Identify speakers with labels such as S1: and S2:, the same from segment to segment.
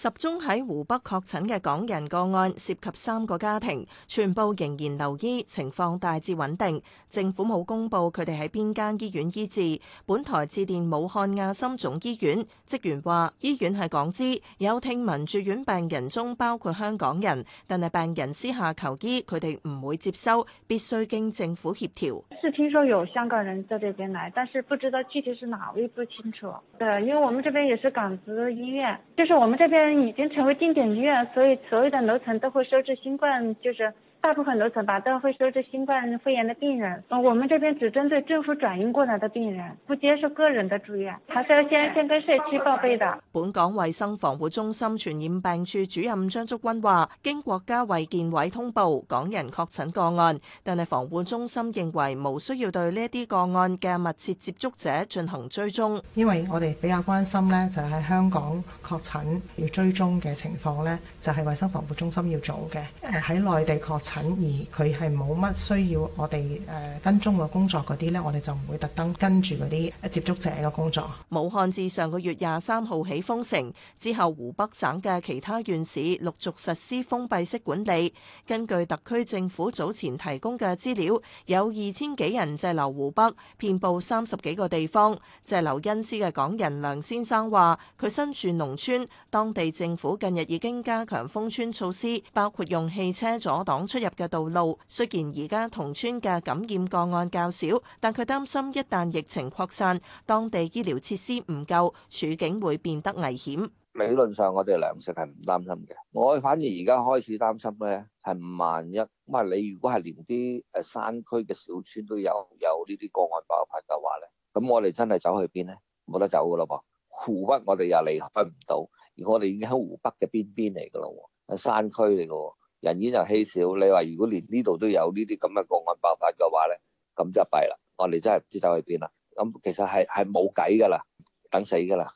S1: 十宗喺湖北確診嘅港人個案涉及三個家庭，全部仍然留醫，情況大致穩定。政府冇公布佢哋喺邊間醫院醫治。本台致電武漢亞心總醫院，職員話醫院係港資，有聽聞住院病人中包括香港人，但係病人私下求醫，佢哋唔會接收，必須經政府協調。是聽說有香港人在這邊來，但是不知道具體是哪位，不清楚。對，因為我們這邊也是港資醫院，就是我們這邊。已經成為定點醫院，所以所有的樓層都會收治新冠，就是。大部分樓層吧都會收治新冠肺炎的病人，我們這邊只針對政府轉運過來的病人，不接受個人的住院，還是要先先跟社區報備的。本港衛生防護中心傳染病處主任張竹君話，經國家衛健委通報，港人確診個案，但係防護中心認為無需要對呢啲個案嘅密切接觸者進行追蹤，
S2: 因為我哋比較關心咧就係香港確診要追蹤嘅情況咧，就係衛生防護中心要做嘅，誒喺內地確診。而佢係冇乜需要我哋誒跟蹤嘅工作啲咧，我哋就唔會特登跟住嗰啲接觸者嘅工作。
S1: 武漢自上個月廿三號起封城之後，湖北省嘅其他縣市陸續實施封閉式管理。根據特區政府早前提供嘅資料，有二千幾人滯留湖北，遍佈三十幾個地方。滯留恩施嘅港人梁先生話，佢身處農村，當地政府近日已經加強封村措施，包括用汽車阻擋出。出入嘅道路，雖然而家同村嘅感染個案較少，但佢擔心一旦疫情擴散，當地醫療設施唔夠，處境會變得危險。
S3: 理論上我哋糧食係唔擔心嘅，我反而而家開始擔心咧，係萬一咁啊！你如果係連啲誒山區嘅小村都有有呢啲個案爆發嘅話咧，咁我哋真係走去邊咧？冇得走噶咯噃！湖北我哋又離開唔到，而我哋已經喺湖北嘅邊邊嚟噶咯喎，喺山區嚟噶。人煙又稀少，你話如果連呢度都有呢啲咁嘅個案爆發嘅話咧，咁就弊啦！我哋真係知走去邊啦？咁其實係係冇計噶啦，等死噶啦！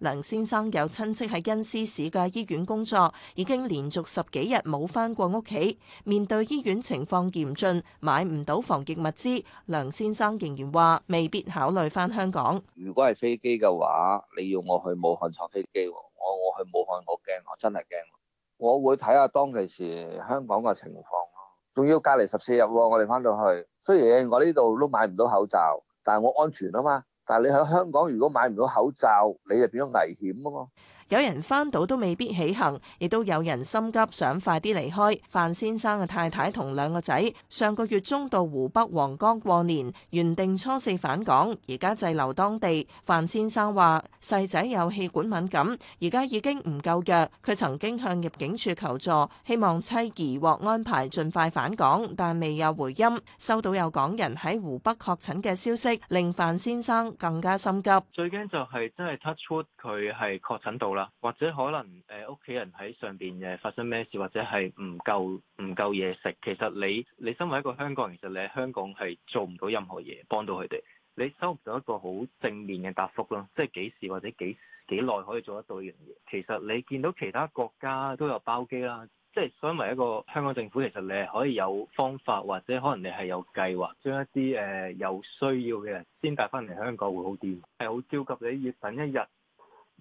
S1: 梁先生有親戚喺恩施市嘅醫院工作，已經連續十幾日冇翻過屋企。面對醫院情況嚴峻，買唔到防疫物資，梁先生仍然話未必考慮翻香港。
S3: 如果係飛機嘅話，你要我去武漢坐飛機喎？我我去武漢，我驚，我真係驚。我會睇下當其時香港嘅情況
S1: 咯，仲要隔
S3: 離十四日喎。我哋翻到去，雖然我呢度都買唔到口罩，但係我安全啊嘛。但係你喺香港如果買唔到口罩，你就變咗危險啊嘛。
S1: 有人翻到都未必起行，亦都有人心急想快啲離開。范先生嘅太太同兩個仔上個月中到湖北黃岡過年，原定初四返港，而家滯留當地。范先生話：細仔有氣管敏感，而家已經唔夠藥。佢曾經向入境處求助，希望妻兒獲安排盡快返港，但未有回音。收到有港人喺湖北確診嘅消息，令范先生更加心急。最驚就
S2: 係、是、真係測出佢係確診到或者可能屋企人喺上邊誒發生咩事，或者係唔夠唔夠嘢食。其實你你身為一個香港人，其實你喺香港係做唔到任何嘢幫到佢哋。你收唔到一個好正面嘅答覆咯，即係幾時或者幾幾耐可以做得到呢樣嘢？其實你見到其他國家都有包機啦，即係作為一個香港政府，其實你係可以有方法，或者可能你係有計劃將一啲有需要嘅人先帶翻嚟香港會好啲。係好焦急，你要等一日。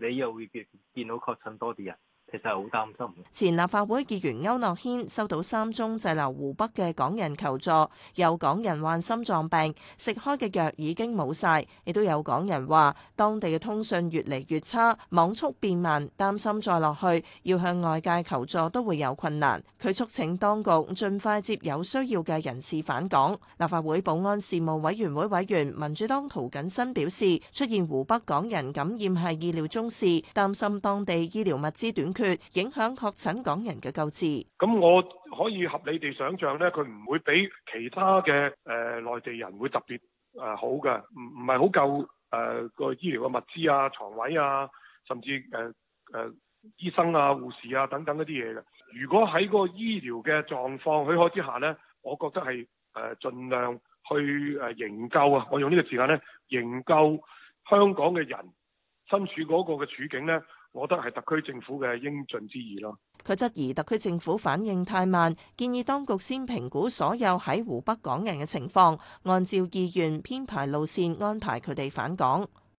S2: 你又會見見到確診多啲人。其實好擔
S1: 心。前立法會議員區諾軒收到三宗滯留湖北嘅港人求助，有港人患心臟病，食開嘅藥已經冇晒；亦都有港人話，當地嘅通訊越嚟越差，網速變慢，擔心再落去要向外界求助都會有困難。佢促請當局盡快接有需要嘅人士返港。立法會保安事務委員會委員民主黨涂謹申表示，出現湖北港人感染係意料中事，擔心當地醫療物資短缺。影響確診港人嘅救治。咁我可以合理地想象呢，佢唔會比其他嘅誒內地人會特別誒、呃、好嘅，唔唔係好夠誒個醫療嘅物資啊、床位啊，甚至誒誒、呃、醫生啊、護士啊等等一啲嘢嘅。如果喺嗰個醫療嘅狀況許可之下呢，我覺得係誒盡量去誒營、呃、救啊！我用呢個時間呢，營救香港嘅人身處嗰個嘅處境呢。我覺得係特區政府嘅應盡之義咯。佢質疑特區政府反應太慢，建議當局先評估所有喺湖北港人嘅情況，按照意願編排路線安排佢哋返港。